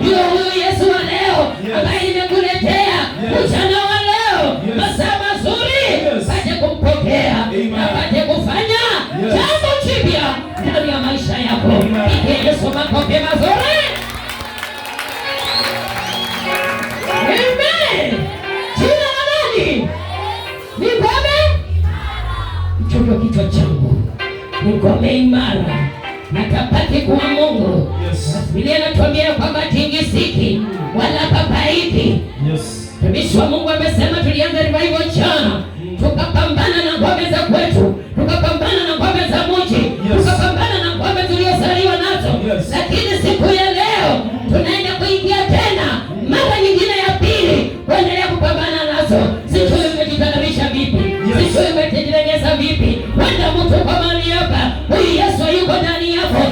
ndio huyu Yesu wa leo ambaye nimekuletea ujana wa leo, masaa mazuri pate kumpokea na pate kufanya jambo jipya ndani ya maisha yako. Ike Yesu makofi mazuri. Ni ngome imara natapate kuwa Mungu. Biblia inatuambia kwamba tingisiki wala papaiki. Mtumishi wa Mungu amesema, tulianza revival jana, mm. tukapambana na ngome za kwetu, tukapambana na ngome za mji, tukapambana na ngome tuliozaliwa nazo, lakini siku ya leo tunaenda kuingia tena mara nyingine ya pili kuendelea kupambana nazo. Sijui umetitayarisha vipi, sijui umetitengeneza vipi, wenda mtu kwa mali huyu Yesu yuko ndani yako.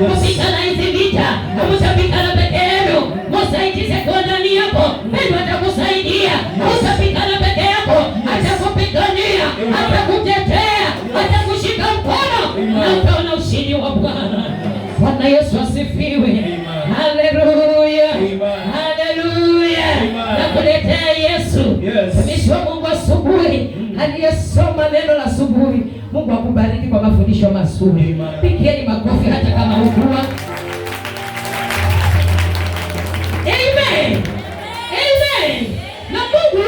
mupigana hizi vita, mtapigana peke yenu, msaidize kwa ndani yako, Mungu atakusaidia. Mtapigana peke yako, atakupigania, atakutetea, atakushika mkono na utaona ushindi wa Bwana. Bwana Yesu asifiwe, haleluya, haleluya. Nakuletea Yesu mtumishi wa Mungu asubuhi mm. aliyesoma neno la asubuhi Mungu akubariki kwa mafundisho mazuri. Pigieni makofi hata kama hukua. Amen. Amen. Na Mungu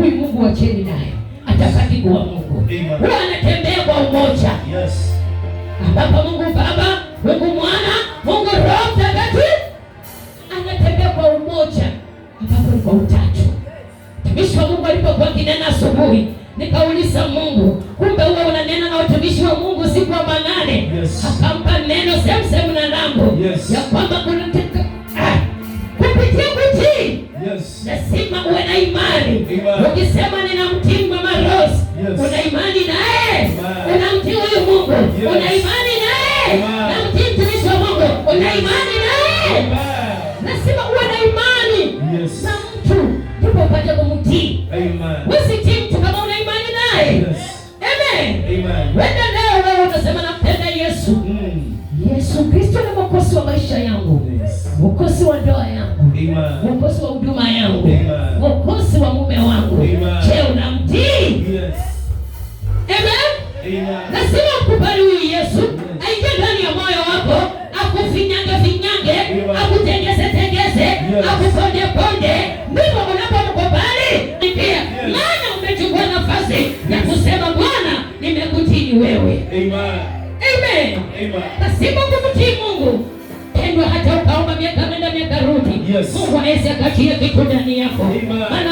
huyu Mungu wacheni naye atabaki kuwa Mungu. Huwa anatembea kwa umoja. Yes. Ambapo Mungu Baba, Mungu Mwana, Mungu Roho Mtakatifu anatembea kwa umoja ambapo ni kwa utatu. Mtumishi wa Mungu alipokuwa kinena asubuhi, nikauliza Mungu Kumbe huwa unanena na watumishi wa Mungu usiku wa manane. Yes. Akampa neno sehemu sehemu na rambo. Yes. Ya kwamba kuna ah, kupitia kutii. Yes. Lazima uwe na imani. Ukisema nina mtii Mama Rose. Yes. Una imani naye. una mtii huyu Mungu. Yes. Una imani naye. na mtii mtumishi wa Mungu. Una imani Lazima ukubali huyu Yesu aingie ndani ya moyo wako, akufinyange finyange, akutengeze tengeze, akuponde ponde. Ndipo unapomkubali pia, maana umechukua nafasi ya kusema Bwana, nimekutii wewe. Amen. Lazima kumtii Mungu pendwa, hata ukaomba miaka nenda miaka rudi, Mungu aweze akatia kitu ndani yako, maana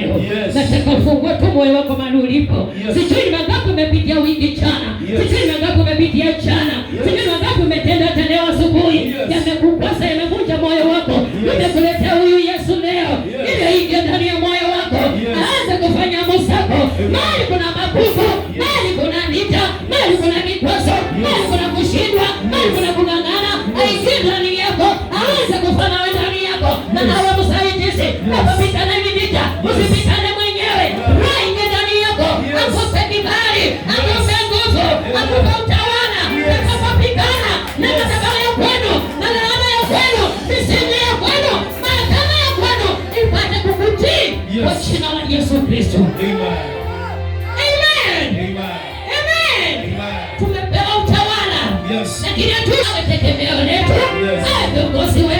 leo. Yes. Nataka ufungue moyo wako mahali ulipo. Yes. Sijui ni mangapi umepitia wiki jana. Yes. Sijui ni mangapi umepitia jana. Yes. Sijui ni mangapi umetenda hata leo asubuhi. Yes. Yamekukosa, yamevunja moyo wako. Yes. Nimekuletea huyu Yesu leo. Yes. Ile ingie ndani ya moyo wako. Yes. Aanze kufanya musako. Yes. Mahali kuna Kristo. Tumepewa utawala, lakini hatuna tegemeo letu, viongozi wetu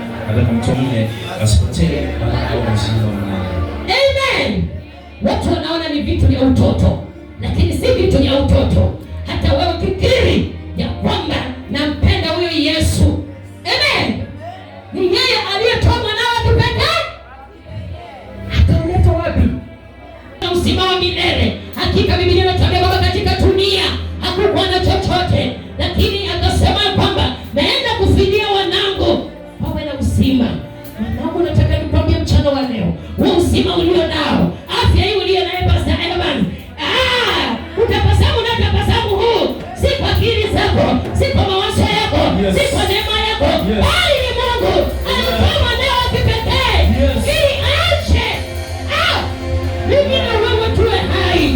alafu mtumie asipotee anaona uzima wa Mungu. Amen. Watu wanaona ni vitu vya utoto, lakini si vitu vya utoto. Hata wewe fikiri ya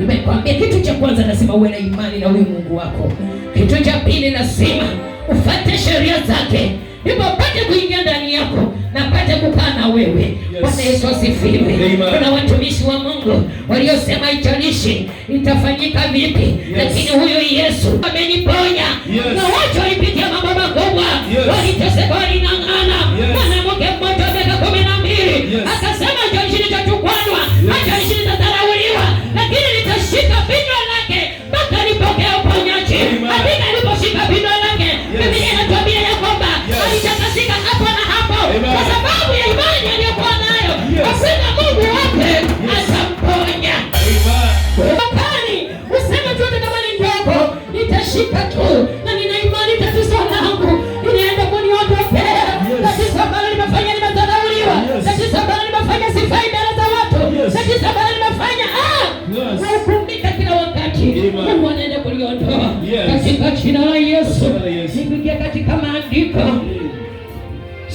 Nimekwambia kitu cha kwanza, nasema uwe na imani na huyu Mungu wako. Kitu cha pili, nasema ufuate sheria zake, ndipo pate kuingia ndani yako na pate kukaa na wewe. Bwana Yesu asifiwe. Kuna watumishi wa Mungu waliosema italishi itafanyika vipi? Yes. Lakini huyo Yesu ameniponya. Yes. na wacho walipitia mambo makubwa yes. waliteseka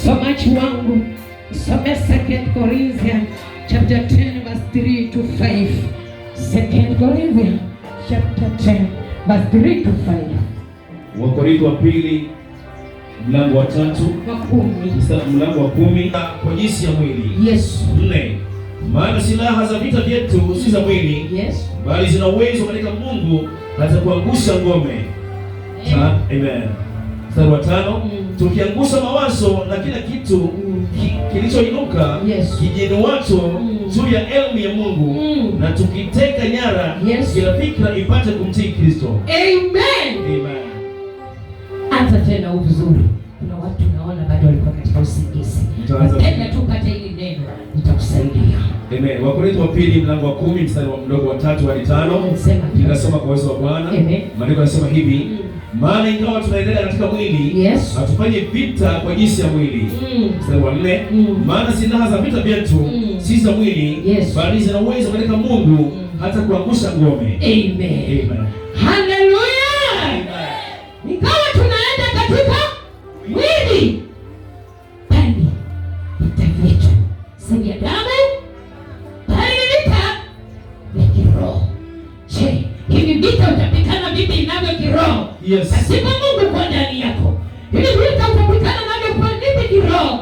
msomaji wangu some Second Corinthians chapter 10 verse 3 to 5. Second Corinthians chapter 10 verse 3 to 5. Wakorintho wa pili mlango wa tatu mlango wa kumi kwa jinsi ya mwili. Yes. Nne. Maana silaha za vita vyetu si za mwili. Yes. Bali zina uwezo katika Mungu hata kuangusha ngome. Amen. Amen mstari wa mm. tano mm. tukiangusha mawazo na kila kitu mm. kilichoinuka yes. kijinuacho mm. juu ya elimu ya Mungu mm. na tukiteka nyara yes. kila fikra ipate kumtii Kristo. Amen. Amen. Hata tena uzuri, kuna watu naona bado walikuwa katika usingizi. Tena tupate hili neno nitakusaidia. Amen. Wakorintho wa pili mlango wa kumi mstari wa mdogo wa tatu hadi tano, ninasoma kwa uwezo wa Bwana. Maandiko yanasema hivi mm maana ingawa tunaendelea katika mwili yes, hatufanye vita kwa jinsi ya mwili. Mm. Mstari wa nne, mm. maana silaha za vita vyetu mm, si za mwili yes, bali zina uwezo katika Mungu mm, hata kuangusha ngome. Amen, amen, haleluya. Ingawa tunaenda katika mwili, bali vita vyetu si vya damu yes. Lazima Mungu kwa ndani yako, ili vita utakutana navyo kwa nini kiroho,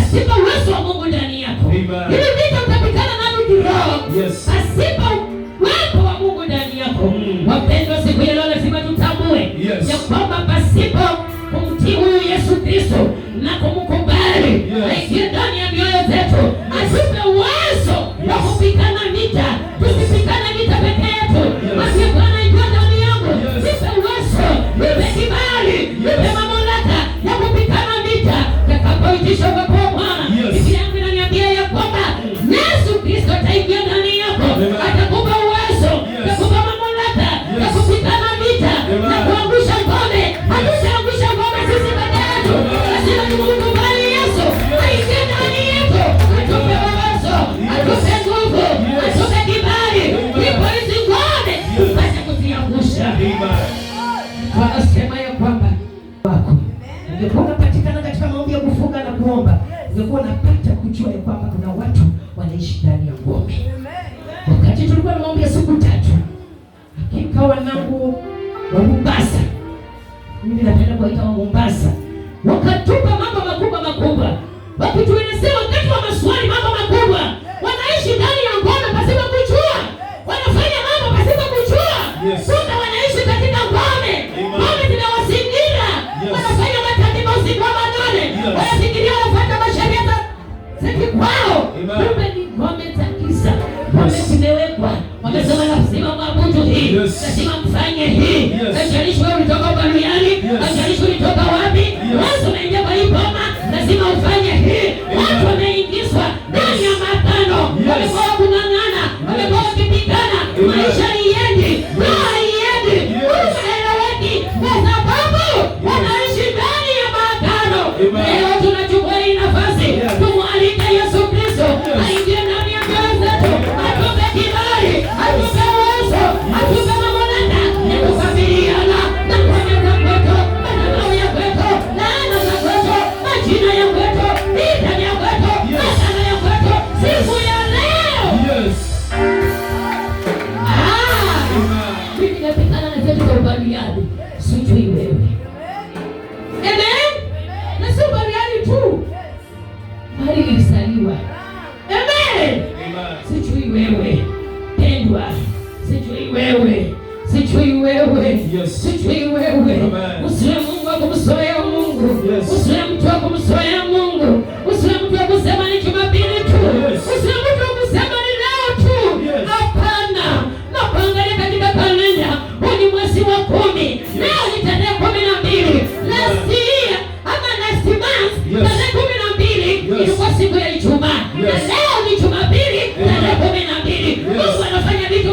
lazima uwezo wa Mungu ndani yako, ili vita utakutana navyo kiroho, lazima uwepo wa Mungu ndani yako. Mm. Wapendwa, siku ya leo lazima tutambue ya kwamba pasipo kumtii huyu Yesu Kristo na kumkubali ulikuwa napata kujua ya kwamba kuna watu wanaishi ndani ya ngome. Wakati tulikuwa tunaomba siku tatu, hakika wanangu wa Mombasa, mimi napenda kuwaita wa Mombasa, wakatupa mambo makubwa makubwa, wakituelezea wakati wa maswali mambo makubwa, wanaishi ndani ya ngome pasipo kujua, wanafanya mambo pasipo kujua yes. zimewekwa, wamesema lazima mwabudu hii, lazima mfanye hii. Haijalishi wewe ulitoka duniani, haijalishi ulitoka wapi, watu umeingia kwa hii boma, lazima ufanye hii. Watu wameingizwa ndani ya mapano, wamekuwa kunang'ana, wamekuwa wakipigana, maisha haiendi. kumsoya Mungu, usiwe mtu wa kumsoya Mungu.